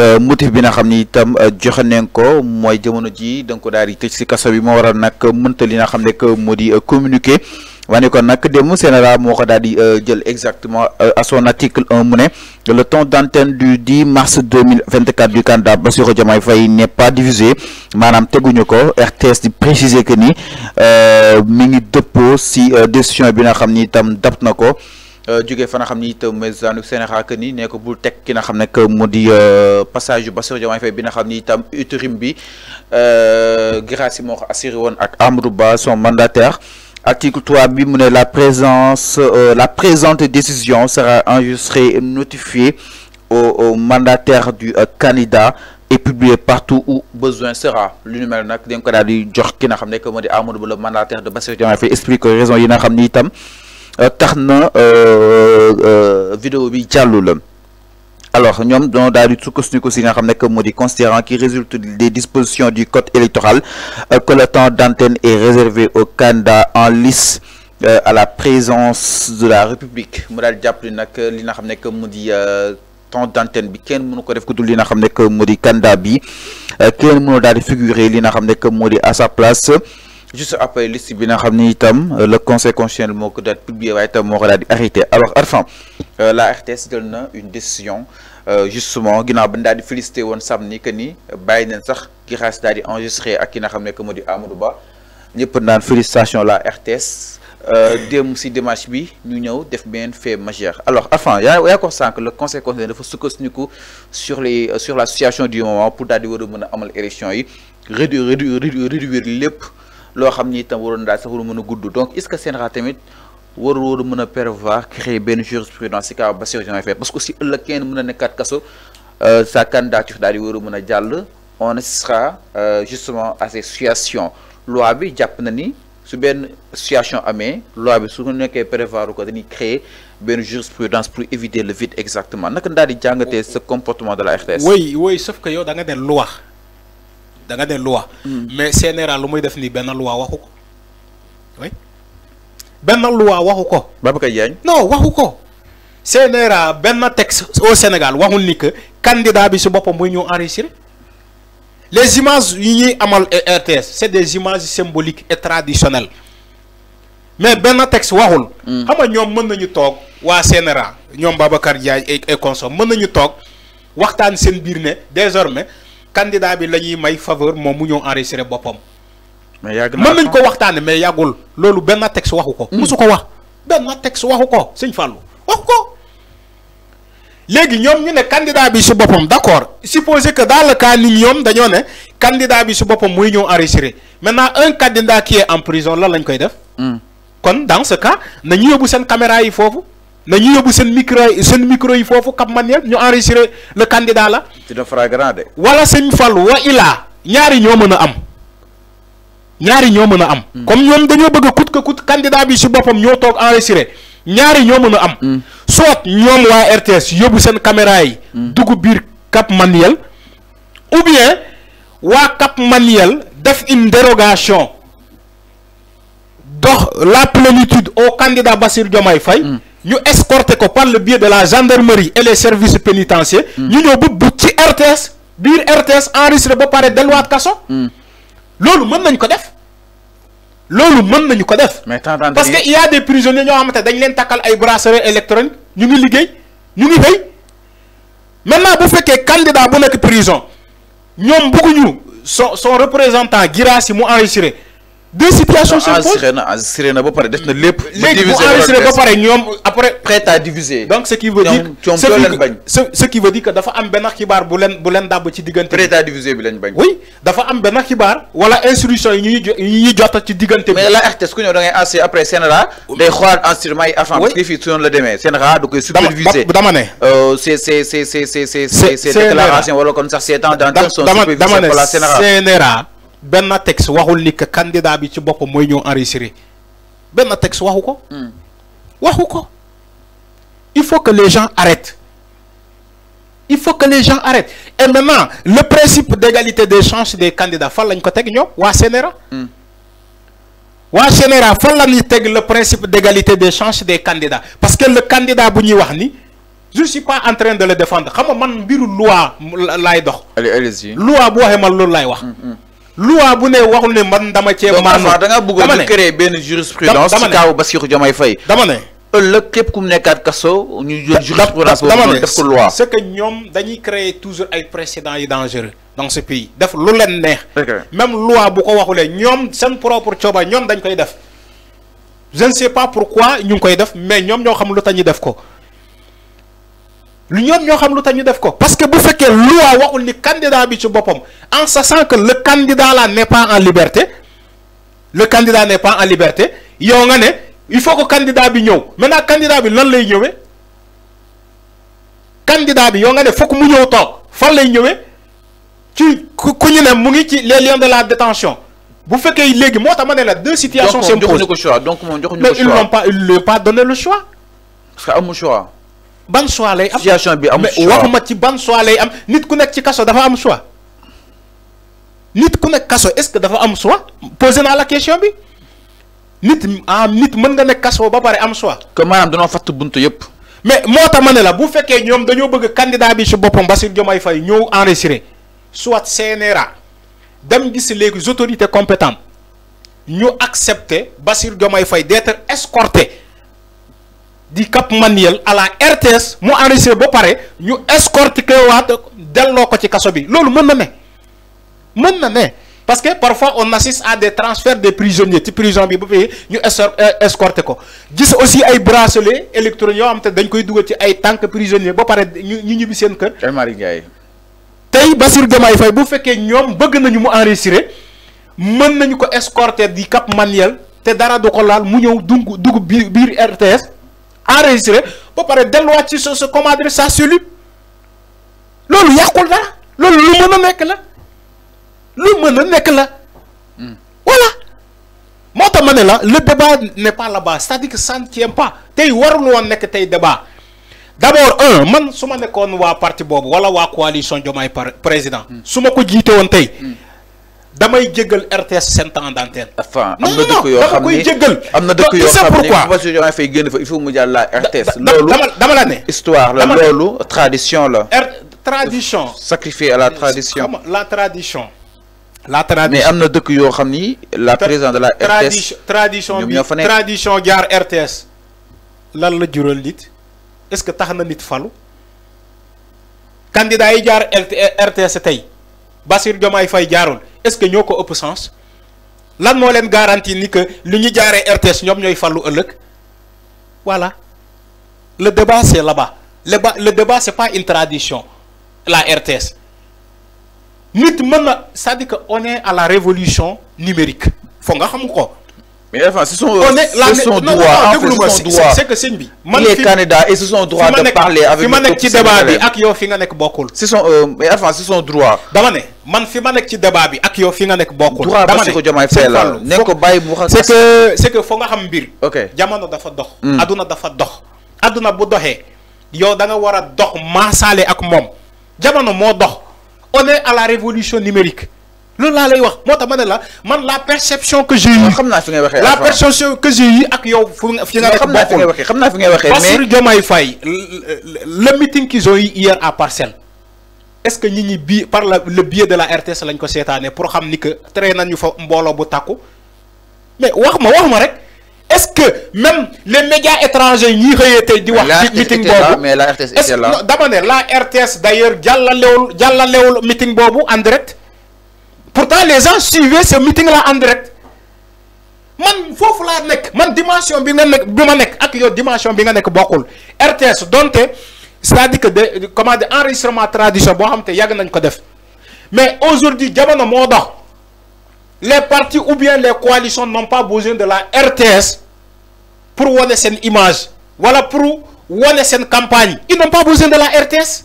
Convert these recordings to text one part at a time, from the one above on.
Euh, motif bi nga xamni ni itam euh, joxe nañ ko moy jamono ji da nga tecc ci kasso bi mo wara nak mënta li nga xamne euh, ko que communiquer di wane ko nak démb sénéra moko ko jël exactement à son article un mu le temps d'antenne du 10 mars 2024 du candidat Bassirou Diomaye Faye n'est pas diffusé manam teguñu ko RTS di préciser que ni mi ngi dépôt si décision bi nga xamni ni itam dab na jógee fa nga xam ni it Sénégal que ni nee ko bul tek ki n'a xam ne que euh, passage yu Bassirou fay Faye bi nga xam ni itam bi euh grâce mo assuré won ak Amadou Ba son mandataire Article 3 bi mu la présence euh, la présente décision sera enregistrée et notifiée au, au mandataire du euh, candidat et publiée partout où besoin sera L'une ñu mel nag dañ ko daal di jox ki na xam ne que moo Amadou Ba le mandataire de Bassirou Diomaye fay explique raison yi na xamni tam euh, tax na euh, euh, vidéo bi jàllul alors ñoom dañoo daal di sukkandiku si nga xam ne que moo di considérant qui résulte des dispositions du code électoral que le temps d'antenne est réservé aux candidats en lice à la présence de la République mu daal jàpp li li nga xam que mu temps d'antenne bi kenn mënu ko def ku dul nga xam que moo di candidat bi kenn mënu daal di figurer li nga comme que à sa place juste après liste bi nga euh, le conseil constitutionnel moo ko daal publié waaye itam moo arrêté alors Arfan euh, la RTS donne une décision euh, justement ginnaaw ba ñu daal di félicité woon ni que ni bàyyi nañ sax ki xaas daal di enregistré ak ki nga xam ne que Amadou Ba la RTS démb si démarche bi ñu ñëw def benn fait majeur alors Arfan yaa yaa ko sànq le conseil constitutionnel dafa sukkandiku sur les sur la situation du moment pour daal di war a amal élection yi réduire réduire lépp lo xamni ni itam waroon daal sax waru mën gudd donc est ce que seen xaar tamit waru waru mën prévoir créer ben jurisprudence ka ba Bassirou Diomaye fait parce que si ëllëg kenn meuna nekat kasso euh sa candidature daal di waru meuna jall on sera euh, justement association loi bi japp na ni su ben situation amee loi bi su nekké prévoir ko dañi créer ben jurisprudence pour éviter le vide exactement nak daal di jangaté ce comportement de la RTS. oui oui sauf que yow da nga ne loi da nga ne loi. mais CNRA lu muy def ni ben loi waxuko ko oui benn loi waxuko no Babacar Diagne non waxuko ko. ben texte au Sénégal waxul ni que candidat bi su bopam moy ñu enregistré les images yi amal e RTS c'est des images symboliques et traditionnelles mais ben texte waxul. Hmm. xama ñom meun nañu tok wa CNRA ñom Babacar Diagne et consom meun nañu tok waxtaan sen biir désormais candidat bi la ñuy may faveur moom mu ñëw enregistré boppam. mais yàgg na nañ ko waxtaane mais yàggul loolu benn a teg texte waxu ko. su ko wax benn texte waxu ko sëñ Fallou waxu ko. léegi ñoom ñu ne candidat bi si boppam d' accord supposé que dans le cas ni ñoom dañoo ne candidat bi si boppam muy ñëw enregistré maintenant un candidat qui est en prison lan lañ koy def. Hmm. kon dans ce cas nañu yóbbu seen caméra yi foofu. nañu yóbbu seen micro seen micro yi foofu Cap Manuel ñu enregistré le candidat la. dina flagrant de. wala sëñ Fallou wa ilaa ñaari ñoo mën a am ñaari ñoo mën am. Hmm. comme ñoom dañoo bëgg kout coûte que candidat bi si boppam ñoo toog enregistré ñaari ñoo mën am. Hmm. soit ñoom wa RTS yóbbu seen caméra yi. Hmm. dugg biir Cap Manuel ou bien wa Cap Manuel def une dérogation dox la plénitude au candidat Bassirou Diomaye Faye ñu escorté par le biais de la gendarmerie et les services pénitentiaires. Nous mm. avons ba bu ci RTS bir RTS enregistré paré Deloitte Casson. kaso. Mm. loolu mën nañ ko def. ce mën nañu ko def. parce que il y a des prisonniers qui ont dañ leen takkal ay bracelets électroniques nous ngi liggéey ñu ngi xëy maintenant bu fekkee candidat bu nekk prison ñoom bëgguñu son son représentant Guirassy mu enregistré deux situations se posent ba prêt à diviser. donc ce qui veut dire ce qui veut dire que dafa à diviser oui dafa am benn mais après Sénéra, day euh, c'est c'est déclaration benn texte waxul ni que candidat bi ci boppam mooy ñëw enregistré benn texte waxu ko. Hmm. waxu ko il faut que les gens arrêtent il faut que les gens arrêtent et maintenant le principe d'égalité des chances des candidats fan lañ ko teg ñoom waa CNRA. Hmm. waa CNRA fan la ñuy teg le principe d'égalité des chances des candidats parce que le candidat bu ñuy wax ni. je suis pas en train de le défendre xam nga man mbiru loi laay dox. loi bu waxee man loolu laay wax. Hmm, loi waxul man dama créer jurisprudence dama loi. c'est que ñom dañuy créer toujours ay précédents dangereux dans ce pays def lu même loi bu ko waxulé ñom sen propre choba ñom dañ koy je ne sais pas pourquoi ñu koy def mais ñom ñoo xam lu L'union ñoom ñoo xam lu tax ñu def ko parce que bu fekkee loi waxul ni candidat bi ci Bopom. en sachant que le candidat là n'est pas en liberté le candidat n'est pas en liberté yow nga ne il faut que candidat bi Maintenant, le candidat bi lan lay candidat bi il nga ne fokk mu ñëw toog fan lay ñëwee ci ku ñu mu ngi ci les liens de la détention bu fekkee léegi moo tax ma ne la deux situations c'est donc moom joxuñu ko choix donc moom choix mais ils n'ont pas ils lui pas donné le choix parce que amu choix ban choix lay am situation bi am choix waxuma ci ban choix lay am nit ku nek ci kasso dafa am choix nit ku nek kasso est-ce que dafa am choix posé naa la question bi nit ah nit meun nga nek kasso ba pare am choix. que maanaam dañu fat buntu yep mais mota tax la bu fekkee ñom dañu bëgg candidat bi ci boppam basir Diomaye Faye ñëw enregistré soit CNRA dem gis les autorités compétentes ñu accepter basir Diomaye Faye d'être escorté di Cap Manuel à la RTS mo enregistré ba pare ñu escorté waat delloo ko ci kasso bi lolu mën na ne mën na ne parce que parfois on assiste à des transferts des prisonniers ci prison bi bu fi ñu euh, escorté ko gis aussi ay bracelet électroniques yoo xam te dañ koy duggal ci ay tank prisonniers ba pare ñu ñu ñibbi seen kër. tay Bassirou gamay fay bu fekkee ñom bëgg nañu mu enregistré mën nañu ko escorté di Cap Manuel te dara du ko laal mu ñew dugg dugg biir RTS enregistré parler de loi ci qui sont comment ça celui, le lolu yakul dara lolu lu nekk la lu la hmm. voilà moo tax là le débat n'est pas là-bas c'est-à-dire que ça ne tient pas tay warul won que t'es débat d'abord un man suma ma wa parti bobu wala wa coalition Diomaye président hmm. suma ma ko jiite woon hmm damay jéggal RTS cent ans d'antenne. enfin am na dëkk yoo xam ne jéggal. am na dëkk yoo xam ne il faut mu jàll la RTS. loolu dama la histoire la loolu tradition la. tradition. sacrifier à la tradition. la tradition. la tradition mais am na dëkk yoo la présence de la RTS. tradition bi tradition jaar RTS. lan la jural nit est-ce que tax na nit falu. candidat yi jaar RTS tey Bassirou Diomaye Faye jaarul est-ce que ñoko pas ëpp sens lan mo leen garantie ni que lu ñu jaaree RTS ñom ñoy fàllu ëllëg voilà le débat c'est là-bas le débat, ce débat c'est pas une tradition la RTS nit mëna ça que on est à la révolution numérique que nga xam ko. mais enfin ce sont ce sont droit c'est que sëñ bi. man les candidats et ce sont droit de parler avec fi ma nekk ci débat bi ak yow fi nga nekk bokkul. ce sont euh, mais enfin ce sont droit. dama ne man fi ma nekk ci débat bi ak yow fi nga nekk bokkul. droit Bassirou Diomaye Faye la ne ko bàyyi mu wax. c'est que c'est que foo nga xam mbir. ok jamono dafa dox. Hmm. adduna dafa dox. adduna bu doxee yow da nga war a dox maasaale ak moom jamono moo dox on est à la révolution numérique. loolu laa lay wax moo tax la man la perception que j'ai eu. xam fi ngay waxee la perception que j'ai eu ak yow. fu nga xamna fi ngay nekk xamna fi ngay waxee Bassirou Diomaye Faye le meeting qu'ils ont eu hier à Parcelles. est-ce que ñi bi par le biais de la RTS lañ ko seetaanee pour xam ni que tere nañu fa mbolo bu takku mais wax ma wax ma rek est-ce que même les médias étrangers ñi xeyé tey di wax ci meeting bobu mais la RTS est là dama né la RTS d'ailleurs jàllalewul jàllalewul meeting bobu en direct pourtant les gens suivaient ce meeting là en direct man suis la nek. man dimension bi nga nekk bi ma ak yo, dimension bi nga nekk RTS donte c'est-à-dire que comment dire enregistrement tradition bo xam yag ko def mais aujourd'hui les partis ou bien les coalitions n'ont pas besoin de la RTS pour voir seen image Voilà pour voir seen campagne ils n'ont pas besoin de la RTS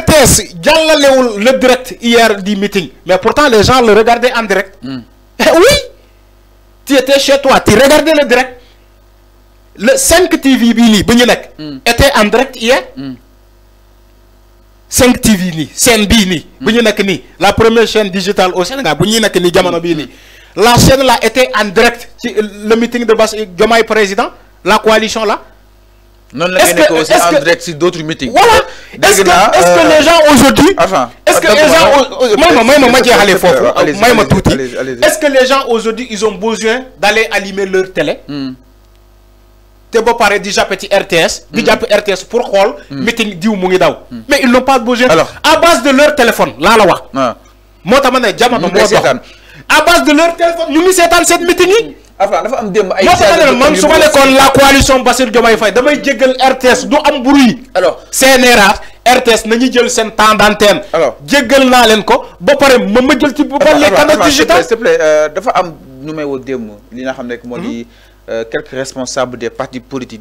RTS le direct hier du meeting mais pourtant les gens le regardaient en direct. Hmm. Eh oui tu étais chez toi tu regardais le direct le 5 TV Bini était en direct hier. 5 hmm. TV nii chaîne hmm. la première chaîne digitale au Sénégal bu ñuy la chaîne là était en direct le meeting de Goma est président la coalition là noonu la ngeen nekk aussi en direct si d'autres meetings. voilà est-ce que est-ce que euh, les gens aujourd'hui est-ce que les gens Moi-même, may ma ma jeexalee foofu may ma tuuti est-ce que les gens aujourd'hui ils ont besoin d'aller allumer leur télé hmm. te ba pare déjà petit RTS déjà hmm. petit RTS pour quoi? Hmm. meeting diw mu ngi daw mais ils n'ont pas besoin à base de leur téléphone là, là, wax ah. moo tax ma ne à base de leur téléphone nous ngi cette cette meeting Alphane dafa am démb ay. man su ma nekkoon la coalition Bassirou Diomaye Faye damay jéggal RTS du am bruit. alors CNRA RTS nañu jël seen temps d'antenne. alors jéggal naa leen ko ba pare ma ma jël ci. ba les canaux digital s'il vous plaît euh, dafa am nu may woo démb li nga xam ne moo mhm. euh, quelques responsables des partis politiques.